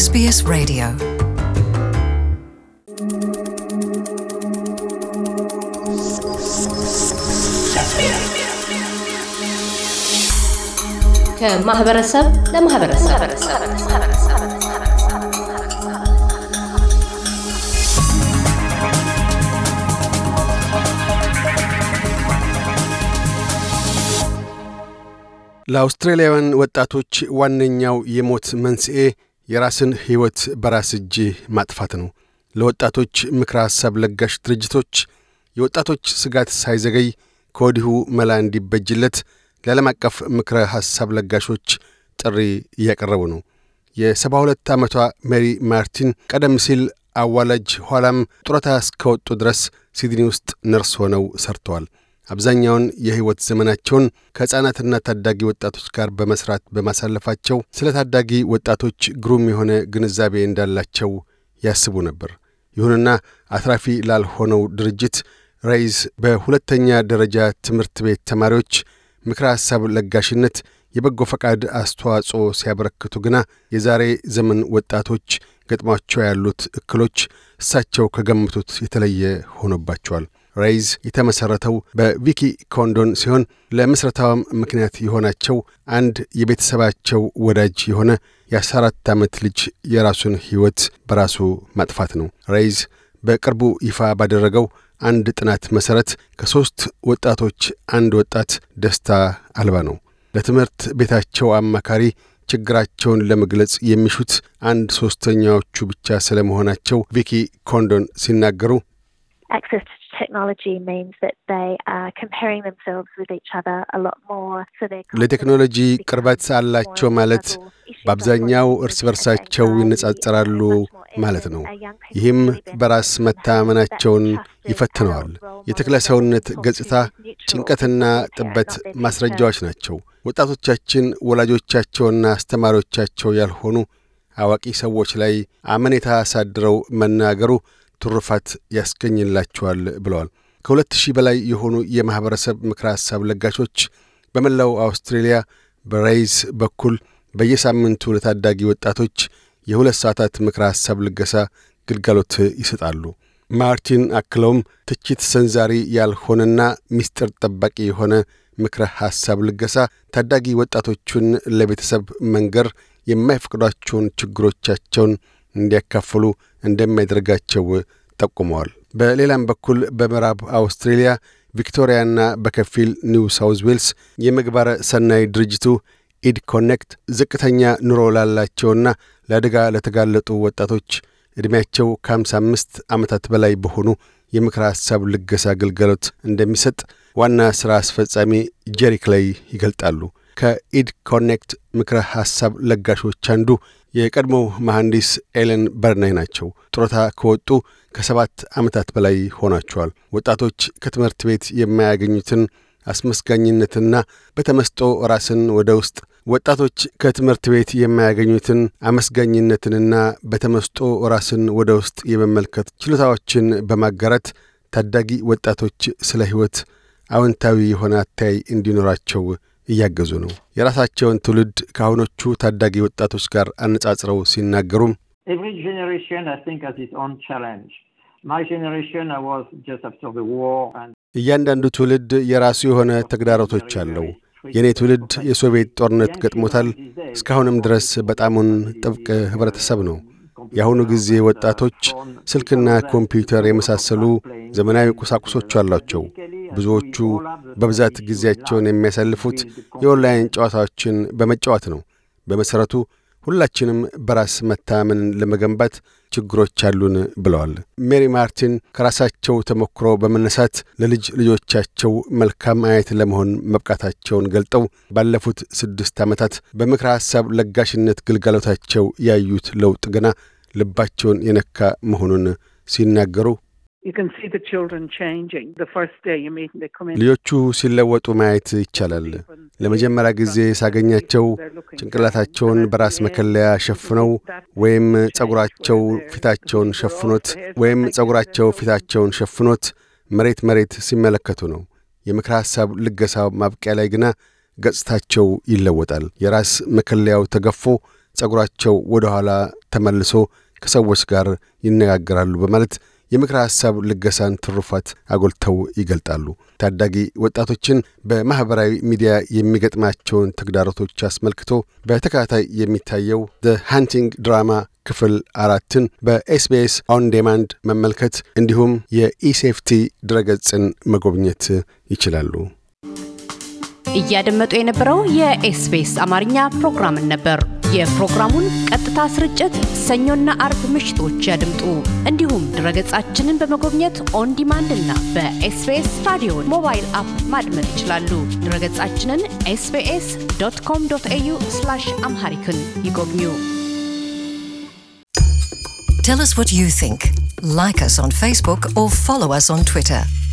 ኤስቢኤስ ሬዲዮ ከማህበረሰብ ለማህበረሰብ ለአውስትራሊያውያን ወጣቶች ዋነኛው የሞት መንስኤ የራስን ሕይወት በራስ እጅ ማጥፋት ነው። ለወጣቶች ምክረ ሐሳብ ለጋሽ ድርጅቶች የወጣቶች ስጋት ሳይዘገይ ከወዲሁ መላ እንዲበጅለት ለዓለም አቀፍ ምክረ ሐሳብ ለጋሾች ጥሪ እያቀረቡ ነው። የሰባ ሁለት ዓመቷ ሜሪ ማርቲን ቀደም ሲል አዋላጅ ኋላም ጡረታ እስከወጡ ድረስ ሲድኒ ውስጥ ነርስ ሆነው ሰርተዋል። አብዛኛውን የህይወት ዘመናቸውን ከሕፃናትና ታዳጊ ወጣቶች ጋር በመስራት በማሳለፋቸው ስለ ታዳጊ ወጣቶች ግሩም የሆነ ግንዛቤ እንዳላቸው ያስቡ ነበር። ይሁንና አትራፊ ላልሆነው ድርጅት ራይዝ በሁለተኛ ደረጃ ትምህርት ቤት ተማሪዎች ምክረ ሐሳብ ለጋሽነት የበጎ ፈቃድ አስተዋጽኦ ሲያበረክቱ ግና የዛሬ ዘመን ወጣቶች ገጥሟቸው ያሉት እክሎች እሳቸው ከገምቱት የተለየ ሆኖባቸዋል። ሬይዝ የተመሠረተው በቪኪ ኮንዶን ሲሆን ለምስረታዋም ምክንያት የሆናቸው አንድ የቤተሰባቸው ወዳጅ የሆነ የ14 ዓመት ልጅ የራሱን ሕይወት በራሱ ማጥፋት ነው። ሬይዝ በቅርቡ ይፋ ባደረገው አንድ ጥናት መሠረት ከሦስት ወጣቶች አንድ ወጣት ደስታ አልባ ነው። ለትምህርት ቤታቸው አማካሪ ችግራቸውን ለመግለጽ የሚሹት አንድ ሦስተኛዎቹ ብቻ ስለመሆናቸው ቪኪ ኮንዶን ሲናገሩ ለቴክኖሎጂ ቅርበት አላቸው ማለት በአብዛኛው እርስ በርሳቸው ይነጻጸራሉ ማለት ነው። ይህም በራስ መታመናቸውን ይፈትነዋል። የተክለ ሰውነት ገጽታ፣ ጭንቀትና ጥበት ማስረጃዎች ናቸው። ወጣቶቻችን ወላጆቻቸውና አስተማሪዎቻቸው ያልሆኑ አዋቂ ሰዎች ላይ አመኔታ አሳድረው መናገሩ ትሩፋት ያስገኝላቸዋል ብለዋል። ከሁለት ሺህ በላይ የሆኑ የማኅበረሰብ ምክረ ሐሳብ ለጋሾች በመላው አውስትሬልያ በራይዝ በኩል በየሳምንቱ ለታዳጊ ወጣቶች የሁለት ሰዓታት ምክረ ሐሳብ ልገሳ ግልጋሎት ይሰጣሉ። ማርቲን አክለውም ትችት ሰንዛሪ ያልሆነና ምስጢር ጠባቂ የሆነ ምክረ ሐሳብ ልገሳ ታዳጊ ወጣቶቹን ለቤተሰብ መንገር የማይፈቅዷቸውን ችግሮቻቸውን እንዲያካፍሉ እንደሚያደርጋቸው ጠቁመዋል። በሌላም በኩል በምዕራብ አውስትሬሊያ ቪክቶሪያና በከፊል ኒው ሳውዝ ዌልስ የምግባረ ሰናይ ድርጅቱ ኢድ ኮኔክት ዝቅተኛ ኑሮ ላላቸውና ለአደጋ ለተጋለጡ ወጣቶች ዕድሜያቸው ከ55 ዓመታት በላይ በሆኑ የምክር ሐሳብ ልገሳ አገልግሎት እንደሚሰጥ ዋና ሥራ አስፈጻሚ ጄሪክ ላይ ይገልጣሉ። ከኢድ ኮኔክት ምክረ ሐሳብ ለጋሾች አንዱ የቀድሞው መሐንዲስ ኤለን በርናይ ናቸው። ጡረታ ከወጡ ከሰባት ዓመታት በላይ ሆናቸዋል። ወጣቶች ከትምህርት ቤት የማያገኙትን አስመስጋኝነትና በተመስጦ ራስን ወደ ውስጥ ወጣቶች ከትምህርት ቤት የማያገኙትን አመስጋኝነትንና በተመስጦ ራስን ወደ ውስጥ የመመልከት ችሎታዎችን በማጋራት ታዳጊ ወጣቶች ስለ ሕይወት አዎንታዊ የሆነ አታይ እንዲኖራቸው እያገዙ ነው። የራሳቸውን ትውልድ ከአሁኖቹ ታዳጊ ወጣቶች ጋር አነጻጽረው ሲናገሩም እያንዳንዱ ትውልድ የራሱ የሆነ ተግዳሮቶች አለው። የእኔ ትውልድ የሶቪየት ጦርነት ገጥሞታል። እስካሁንም ድረስ በጣሙን ጥብቅ ህብረተሰብ ነው። የአሁኑ ጊዜ ወጣቶች ስልክና ኮምፒውተር የመሳሰሉ ዘመናዊ ቁሳቁሶች አሏቸው። ብዙዎቹ በብዛት ጊዜያቸውን የሚያሳልፉት የኦንላይን ጨዋታዎችን በመጫወት ነው። በመሠረቱ ሁላችንም በራስ መታመንን ለመገንባት ችግሮች አሉን ብለዋል ሜሪ ማርቲን። ከራሳቸው ተሞክሮ በመነሳት ለልጅ ልጆቻቸው መልካም አያት ለመሆን መብቃታቸውን ገልጠው ባለፉት ስድስት ዓመታት በምክረ ሐሳብ ለጋሽነት ግልጋሎታቸው ያዩት ለውጥ ገና ልባቸውን የነካ መሆኑን ሲናገሩ ልጆቹ ሲለወጡ ማየት ይቻላል። ለመጀመሪያ ጊዜ ሳገኛቸው ጭንቅላታቸውን በራስ መከለያ ሸፍነው ወይም ጸጉራቸው ፊታቸውን ሸፍኖት ወይም ጸጉራቸው ፊታቸውን ሸፍኖት መሬት መሬት ሲመለከቱ ነው። የምክረ ሐሳብ ልገሳ ማብቂያ ላይ ግና ገጽታቸው ይለወጣል። የራስ መከለያው ተገፎ ጸጉራቸው ወደ ኋላ ተመልሶ ከሰዎች ጋር ይነጋገራሉ በማለት የምክረ ሐሳብ ልገሳን ትሩፋት አጎልተው ይገልጣሉ። ታዳጊ ወጣቶችን በማኅበራዊ ሚዲያ የሚገጥማቸውን ተግዳሮቶች አስመልክቶ በተከታታይ የሚታየው ዘ ሃንቲንግ ድራማ ክፍል አራትን በኤስቢኤስ ኦን ዴማንድ መመልከት እንዲሁም የኢሴፍቲ ድረገጽን መጎብኘት ይችላሉ። እያደመጡ የነበረው የኤስቢኤስ አማርኛ ፕሮግራምን ነበር። የፕሮግራሙን ቀጥታ ስርጭት ሰኞና አርብ ምሽቶች ያድምጡ። እንዲሁም ድረገጻችንን በመጎብኘት ኦን ዲማንድ እና በኤስቤስ ራዲዮን ሞባይል አፕ ማድመጥ ይችላሉ። ድረገጻችንን ኤስቤስ ዶት ኮም ዶት ኤዩ አምሃሪክን ይጎብኙ። ቴል አስ ዋት ዩ ቲንክ ላይክ አስ ኦን ፌስቡክ ኦር ፎሎው አስ ኦን ትዊተር